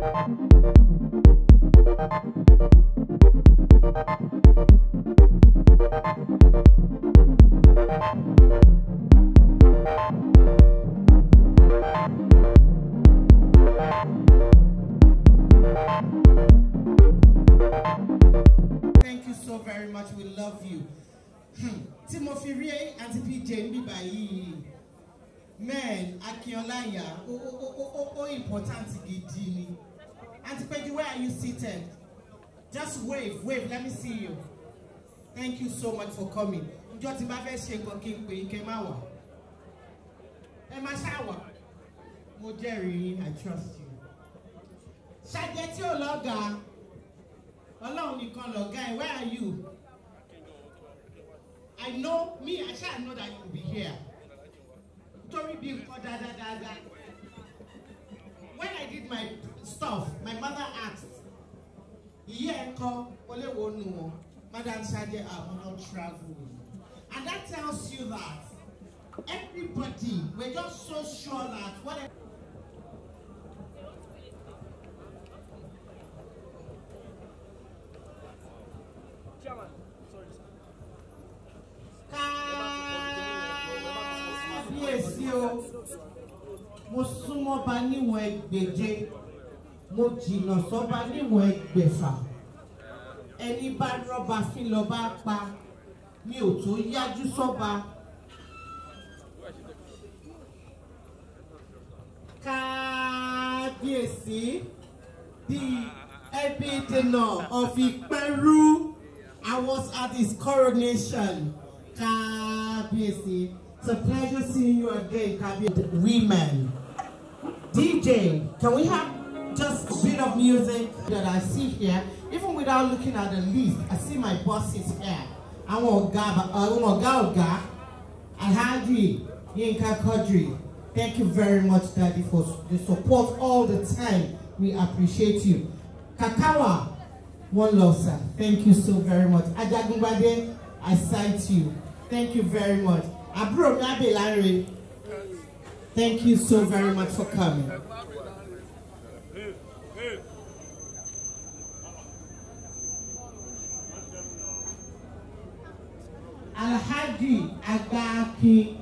Thank you you. so very much. We love hmm. and man, important to gidi ni Auntie Peggy, where are you seated? Just wave, wave, let me see you. Thank you so much for coming. Ǹjọ́ tí bá fẹ́ ṣe nǹkan kí n pè é kẹ́ máa wà. Ẹ máa ṣáwà. Mo jẹ́rìí yín, I trust you. Ṣàjẹ́ tí ò lọ́gàá, Ọlọ́run nìkan where are you? I know me, I ṣáà know that you will be here. Torí da da da da house my mother asked iye ẹkọ olewo nu wọn madam saje amuno travel and that tells you that everybody were just so sure that whatever. Chairman, sorry. Kábíyèsí o, mo súnmọ́ ba níwọ̀n ẹgbẹ̀je mo jìnnà sọ́ba níwọ̀n ẹgbẹ̀fà ẹni bá rọ́ba fín lọ́ba pa mi ò tó yájú sọ́ba. kábíyèsí the ẹbí dènà of Ìpẹ́rù I was at his coronation kábíyèsí it's a pleasure seeing you again kábíyèsí women DJ can we have. just a bit of music that I see here. Even without looking at the list, I see my bosses here. Àwọn ọ̀gá ọ̀gá ọ̀gá Alhaji Yinka Kodri. Thank you very much, Daddy, for the support all the time. We appreciate you. Kakawa, one love, sir. Thank you so very much. Ajagungbade, I cite you. Thank you very much. Abro Nabe Larry, thank you so very much for coming. Dadi Agbakin,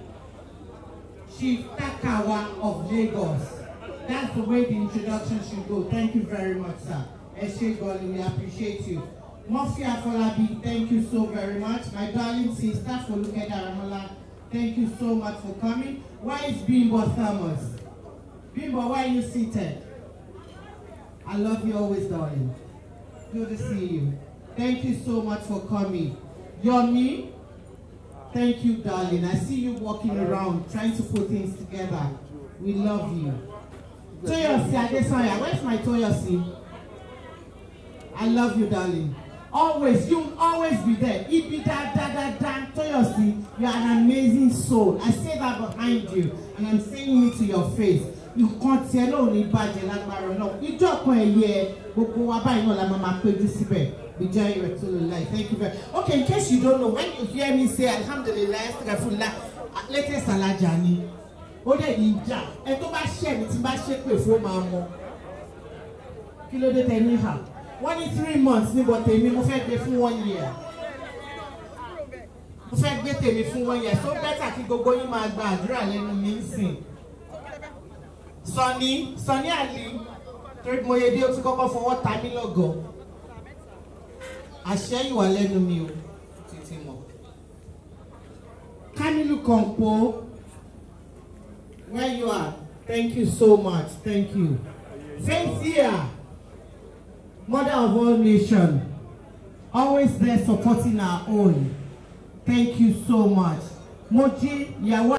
Chief Takawa of Lagos. That's the way the introduction should go. Thank you very much, sir. Eshe Golly, we appreciate you. Murphy Afolabi, thank you so very much. My darling sister, for looking Folukeda Ramola, thank you so much for coming. Why is Bimbo Thomas? Bimbo, why are you seated? I love you always, darling. Good to see you. Thank you so much for coming. Yomi, Thank you, darling. I see you walking around trying to put things together. We love you. Toyosi Adesanya, where's my Toyosi? I love you, darling. Always, you will always be there. Ibi da da da da, Toyosi, you are an amazing soul. I say that behind you, and I'm saying it to your face. nǹkan tiẹ̀ náà ò ní bàjẹ́ lágbára náà ìjọ kan ẹ̀yẹ gbogbo wa báyìí náà la máa máa péjú síbẹ̀ Bijayi Rasulullah thank you very much okay in case you don't know when you hear me say alhamdulillah astaghfirullah latest alaja ni ó dẹ̀ ní ìjà ẹ tó bá ṣẹ̀ mi tí bá ṣépè fún ó máa mọ kí ló dé tẹ ní hà wọ́n ní three months níbo tèmi mo fẹ́ gbé fún one year mo fẹ́ gbé tèmi fún one year so better kí gbogbo yín máa gba àdúrà lẹ́nu mi ń sìn. Sani Sani Ali torí mo yẹ dé o ti kọ́kọ́ fọwọ́ ta mí lọ́gọ̀ àṣẹ ìwà lẹ́nu mi o títí mọ̀ Kamilu Kompo where you are thank you so much thank you Faithia mother of all nations always there supporting our own thank you so much Moji yawa.